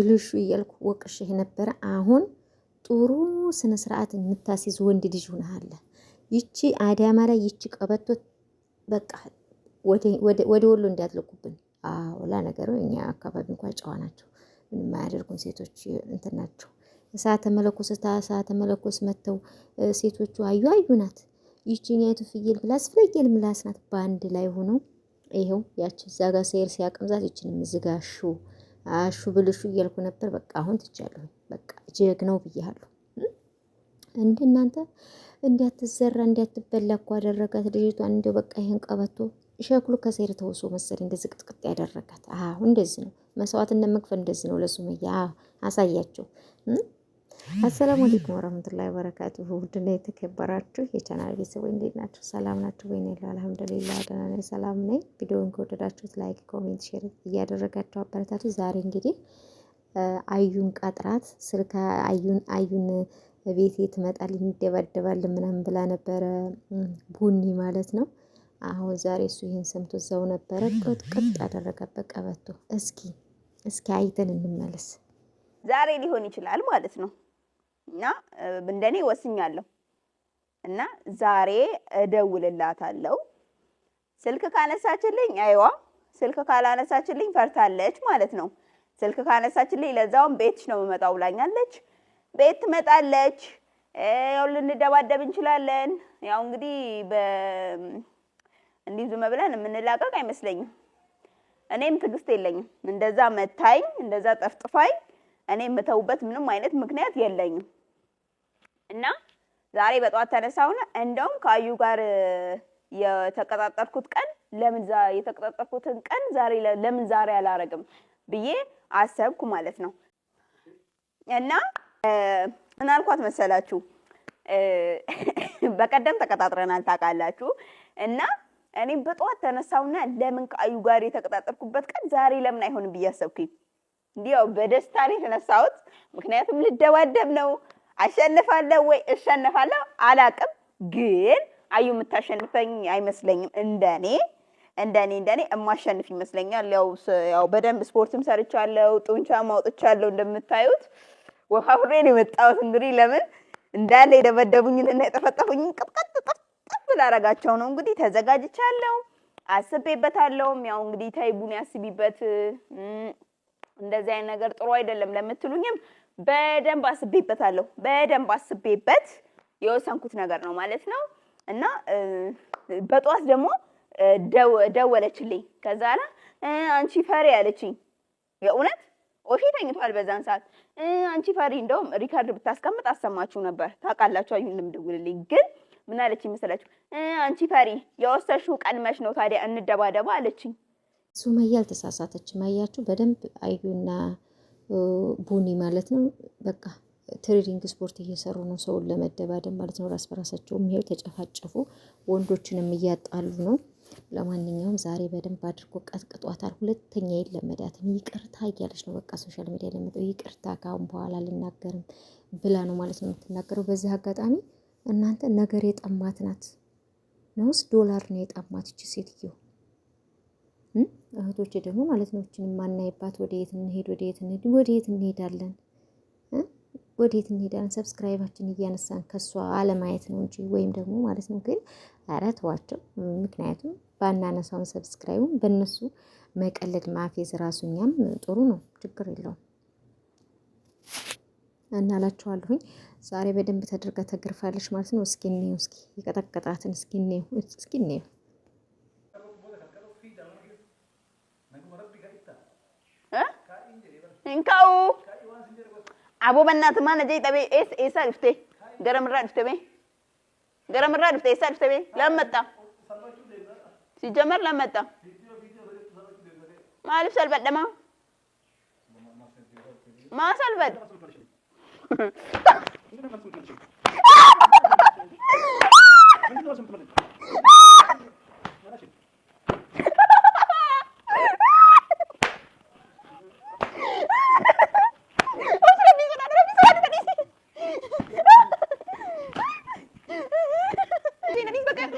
ብልሹ እያልኩ ወቅሽህ ነበረ። አሁን ጥሩ ስነ ስርዓት የምታስይዝ ወንድ ልጅ ሆነሃል። ይቺ አዳማ ላይ ይቺ ቀበቶ በቃ ወደ ወሎ እንዳትለቁብን። አውላ ነገሩ እኛ አካባቢ እንኳ ጨዋ ናቸው፣ ምንም አያደርጉም። ሴቶች እንትን ናቸው። እሳተ መለኮስ ታ ሰዓተ መለኮስ መጥተው ሴቶቹ አዩ አዩ ናት። ይቺኛይቱ ፍየል ምላስ ፍየል ምላስ ናት። በአንድ ላይ ሆነው ይኸው ያቺ እዛ ጋር ሰይር ሲያቀምዛት ይችንም እዝጋሹ አሹ ብልሹ እያልኩ ነበር። በቃ አሁን ትቻለሁ። በቃ ጀግናው ብያለሁ። እንደ እናንተ እንዲያትዘራ እንዲያትበላ እኮ አደረጋት ልጅቷን። እንዲያው በቃ ይሄን ቀበቶ ሸክሉ ከሰይር ተወሶ መሰለኝ እንደ ዝቅጥቅጥ ያደረጋት። አሁን እንደዚህ ነው መስዋዕትነት መክፈል እንደዚህ ነው ለሱመያ። አሳያቸው አሰላሙ አለይኩም ወራህመቱላሂ ወበረካቱሁ። ውድና የተከበራችሁ የቻናል ቤተሰቦች እንዴት ናችሁ? ሰላም ናችሁ ወይ? ነው አልሐምዱሊላህ ደህና ነኝ፣ ሰላም ነኝ። ቪዲዮውን ከወደዳችሁት ላይክ፣ ኮሜንት፣ ሼር እያደረጋችሁ አበረታቱ። ዛሬ እንግዲህ አዩን ቀጥራት ስልካ አዩን አዩን ቤቴ ትመጣልኝ እንደባደባልን ምናምን ብላ ነበረ ቡኒ ማለት ነው። አሁን ዛሬ እሱ ይሄን ሰምቶ እዛው ነበረ ቅጥ ቅጥ ቀበቶ። እስኪ እስኪ አይተን እንመለስ። ዛሬ ሊሆን ይችላል ማለት ነው። እና እንደኔ ወስኛለሁ እና ዛሬ እደውልላታለሁ። ስልክ ካነሳችልኝ አይዋ፣ ስልክ ካላነሳችልኝ ፈርታለች ማለት ነው። ስልክ ካነሳችልኝ ለዛውም ቤትሽ ነው የምመጣው ብላኛለች። ቤት ትመጣለች። ያው ልንደባደብ እንችላለን። ያው እንግዲህ እንዲህ ዝም ብለን የምንላቀቅ አይመስለኝም። እኔም ትዕግስት የለኝም። እንደዛ መታኝ፣ እንደዛ ጠፍጥፋኝ እኔ የምተውበት ምንም አይነት ምክንያት የለኝም። እና ዛሬ በጠዋት ተነሳሁና እንደውም ከአዩ ጋር የተቀጣጠርኩት ቀን ለምን የተቀጣጠርኩትን ቀን ዛሬ ለምን ዛሬ አላረግም ብዬ አሰብኩ ማለት ነው። እና ምን አልኳት መሰላችሁ? በቀደም ተቀጣጥረናል ታውቃላችሁ። እና እኔም በጠዋት ተነሳሁና ለምን ከአዩ ጋር የተቀጣጠርኩበት ቀን ዛሬ ለምን አይሆንም ብዬ አሰብኩኝ። እንዲያው በደስታ ነው የተነሳሁት፣ ምክንያቱም ልደባደብ ነው አሸንፋለሁ ወይ እሸንፋለሁ አላቅም፣ ግን አዩ የምታሸንፈኝ አይመስለኝም። እንደኔ እንደኔ እንደኔ የማሸንፍ ይመስለኛል። ያው ያው በደንብ ስፖርትም ሰርቻለሁ፣ ጡንቻ ማውጥቻለሁ እንደምታዩት ውሃ ሁሌ የመጣሁት። እንግዲህ ለምን እንዳለ የደበደቡኝን እና የጠፈጠፉኝን ቅጥቅጥ ጥፍጥፍ ላረጋቸው ነው። እንግዲህ ተዘጋጅቻለሁ፣ አስቤበታለሁም። ያው እንግዲህ ተይቡን ያስቢበት እንደዚህ አይነት ነገር ጥሩ አይደለም ለምትሉኝም በደንብ አስቤበታለሁ። በደንብ አስቤበት የወሰንኩት ነገር ነው ማለት ነው። እና በጠዋት ደግሞ ደወለችልኝ። ከዛ ላ አንቺ ፈሪ አለችኝ። የእውነት ኦፊ ተኝቷል በዛን ሰዓት። አንቺ ፈሪ እንደውም ሪካርድ ብታስቀምጥ አሰማችሁ ነበር ታውቃላችሁ። አዩ እንደምደውልልኝ ግን ምን አለችኝ መሰላችሁ? አንቺ ፈሪ የወሰሹ ቀን ነው ታዲያ እንደባደባ አለችኝ። ሱመያ አልተሳሳተችም። አያችሁ በደንብ አዩና ቡኒ ማለት ነው። በቃ ትሬዲንግ ስፖርት እየሰሩ ነው፣ ሰውን ለመደባደብ ማለት ነው። ራስ በራሳቸው ይሄው ተጨፋጨፉ፣ ወንዶችንም እያጣሉ ነው። ለማንኛውም ዛሬ በደንብ አድርጎ ቀጥቅጧታል። ሁለተኛ የለመዳትም ይቅርታ እያለች ነው። በቃ ሶሻል ሚዲያ ለመጠው ይቅርታ ካሁን በኋላ አልናገርም ብላ ነው ማለት ነው የምትናገረው። በዚህ አጋጣሚ እናንተ ነገር የጠማት ናት ነውስ ዶላር ነው የጠማት ይቺ ሴትዮ። እህቶች ደግሞ ማለት ነው እችን የማናይባት ወደየት እንሄድ ወደየት እንሄድ ወደየት እንሄዳለን ወደየት እንሄዳለን? ሰብስክራይባችን እያነሳን ከሷ አለማየት ነው እንጂ ወይም ደግሞ ማለት ነው ግን ኧረ ተዋቸው። ምክንያቱም ባናነሳውን ሰብስክራይቡን በእነሱ መቀለድ ማፌዝ ራሱ እኛም ጥሩ ነው፣ ችግር የለውም። እናላችኋለሁኝ ዛሬ በደንብ ተደርጋ ተገርፋለች ማለት ነው። እስኪ እንየው፣ እስኪ የቀጠቀጣትን እስኪ እንየው፣ እስኪ እንየው Aboo bannaatu maal na jee dhabee eessaa dhuftee garamirraa dhufte bee garamirraa dhufte eessaa dhufte bee lammatta sijjamar lammatta maaliif salphadhamaa maa salphadha. Thank you.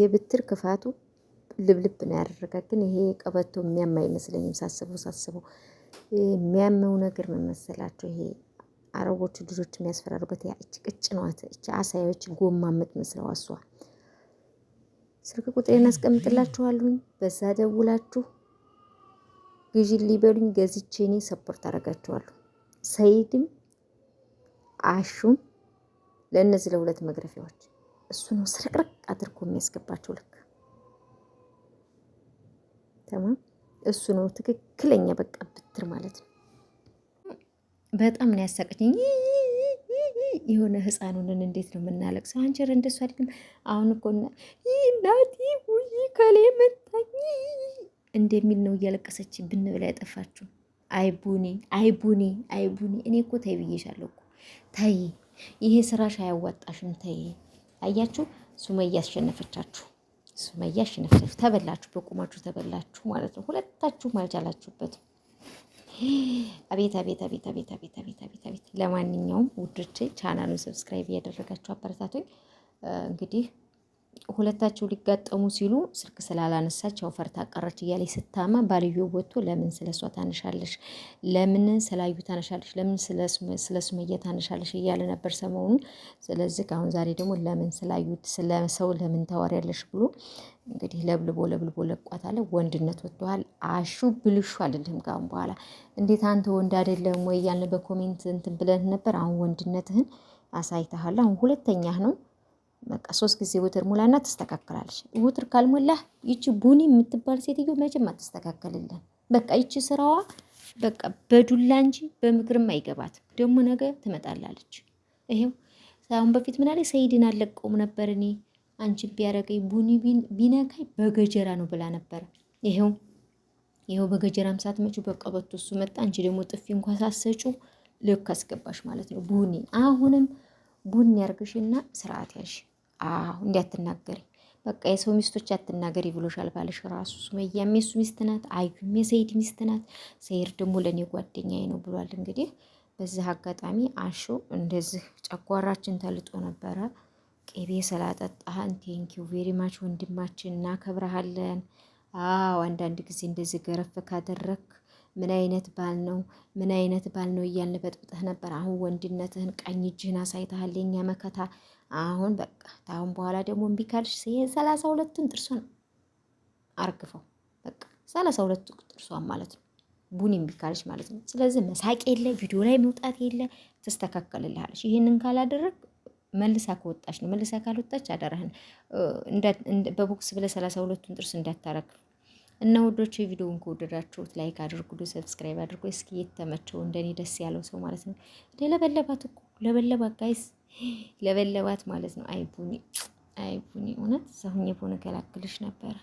የብትር ክፋቱ ልብልብ ነው ያደረጋት። ግን ይሄ ቀበቶ የሚያም አይመስለኝም ሳስበው ሳስበው የሚያመው ነገር ምን መሰላቸው? ይሄ አረቦቹ ልጆች የሚያስፈራሩበት ያ ቅጭ ነዋት። እች አሳያዎች ጎማ የምትመስለው እሷ። ስልክ ቁጥሬን አስቀምጥላችኋለሁኝ። በዛ ደውላችሁ ግዢ ሊበሉኝ ገዝቼ እኔ ሰፖርት አደርጋችኋለሁ። ሰይድም አሹም ለእነዚህ ለሁለት መግረፊያዎች እሱ ነው ስርቅርቅ አድርጎ የሚያስገባቸው። ልክ ተማም እሱ ነው ትክክለኛ በቃ ብትር ማለት ነው። በጣም ነው ያሳቀችኝ። የሆነ ህፃኑንን እንዴት ነው የምናለቅ ሰው አንቸር እንደሱ አድግም። አሁን እኮ ናቲ ውይ ከሌ መታኝ እንደሚል ነው እያለቀሰች ብንብል ያጠፋችሁ። አይቡኔ አይቡኔ አይቡኔ እኔ እኮ ታይ ብዬሻለሁ እኮ ታይ ይሄ ስራሽ አያዋጣሽም ተይ። አያችሁ ሱመያ አሸነፈቻችሁ። ሱመያ አሸነፈቻችሁ። ተበላችሁ፣ በቁማችሁ ተበላችሁ ማለት ነው። ሁለታችሁም አልቻላችሁበትም። አቤት አቤት አቤት አቤት አቤት አቤት አቤት አቤት። ለማንኛውም ውዶቼ ቻናሉን ሰብስክራይብ እያደረጋችሁ አበረታቶኝ እንግዲህ ሁለታቸው ሊጋጠሙ ሲሉ ስልክ ስላላነሳች ያው ፈርታ ቀረች እያለ ስታማ ባልዮ ወጥቶ ለምን ስለ እሷ ታነሻለሽ? ለምን ስላዩ ታነሻለሽ? ለምን ስለ ሱመያ ታነሻለሽ? እያለ ነበር ሰሞኑ። ስለዚህ አሁን ዛሬ ደግሞ ለምን ስላዩት ስለ ሰው ለምን ታወሪያለሽ ብሎ እንግዲህ ለብልቦ ለብልቦ ለቋታለ። ወንድነት ወጥተዋል። አሹ ብልሹ አይደለም ካሁን በኋላ እንዴት አንተ ወንድ አይደለም ወይ እያልን በኮሜንት እንትን ብለን ነበር። አሁን ወንድነትህን አሳይተሃል። አሁን ሁለተኛህ ነው በቃ ሶስት ጊዜ ውትር ሙላና ትስተካከላለች። ውትር ካልሞላህ ይቺ ቡኒ የምትባል ሴትዮ መቼም አትስተካከልልን። በቃ ይቺ ስራዋ በቃ በዱላ እንጂ በምክርም አይገባትም። ደግሞ ነገ ትመጣላለች። ይሄው አሁን በፊት ምናለ ሰይድን አለቀውም ነበር እኔ አንቺ ቢያደርገኝ ቡኒ ቢነካኝ በገጀራ ነው ብላ ነበረ። ይሄው ይኸው በገጀራም ሳትመጪው በቀበቶ እሱ መጣ። አንቺ ደግሞ ጥፊ እንኳ ሳሰጩ ልክ አስገባሽ ማለት ነው ቡኒ አሁንም ቡን ያርግሽና ስርዓት ያሽ። አዎ አትናገሪ። በቃ የሰው ሚስቶች አትናገሪ ብሎሻል ባለሽ ራሱ። ሱመያ የሱ ሚስት ናት፣ አዩም የሰይድ ሚስት ናት፣ ሰይድ ደግሞ ለእኔ ጓደኛዬ ነው ብሏል። እንግዲህ በዚህ አጋጣሚ አሹ እንደዚህ ጨጓራችን ተልጦ ነበረ። ቅቤ ስላጠጣህን ቴንኪው ቬሪ ማች ወንድማችን፣ እናከብረሃለን። አዎ አንዳንድ ጊዜ እንደዚህ ገረፍ ካደረክ ምን አይነት ባል ነው? ምን አይነት ባል ነው እያልን በጥብጥህ ነበር። አሁን ወንድነትህን ቀኝ እጅህን አሳይተሃል። የኛ መከታ አሁን በቃ ታሁን በኋላ ደግሞ እምቢ ካልሽ ሰላሳ ሁለቱን ጥርሷን አርግፈው በቃ ሰላሳ ሁለቱ ጥርሷን ማለት ነው ቡን እምቢ ካልሽ ማለት ነው። ስለዚህ መሳቅ የለ ቪዲዮ ላይ መውጣት የለ ትስተካከልልሃለች። ይህንን ካላደረግ መልሳ ከወጣች ነው መልሳ ካልወጣች አደረህን በቦክስ ብለህ ሰላሳ ሁለቱን ጥርስ እንዳታረግፍ እና ወዶቹ የቪዲዮውን ከወደዳችሁት ላይክ አድርጉ፣ ሰብስክራይብ አድርጉ። እስኪ የተመቸው እንደኔ ደስ ያለው ሰው ማለት ነው። ለበለባት እኮ ለበለባት፣ ጋይስ ለበለባት ማለት ነው። አይቡኒ አይቡኒ፣ እውነት ሰሁኝ በሆነ ገላግልሽ ነበረ።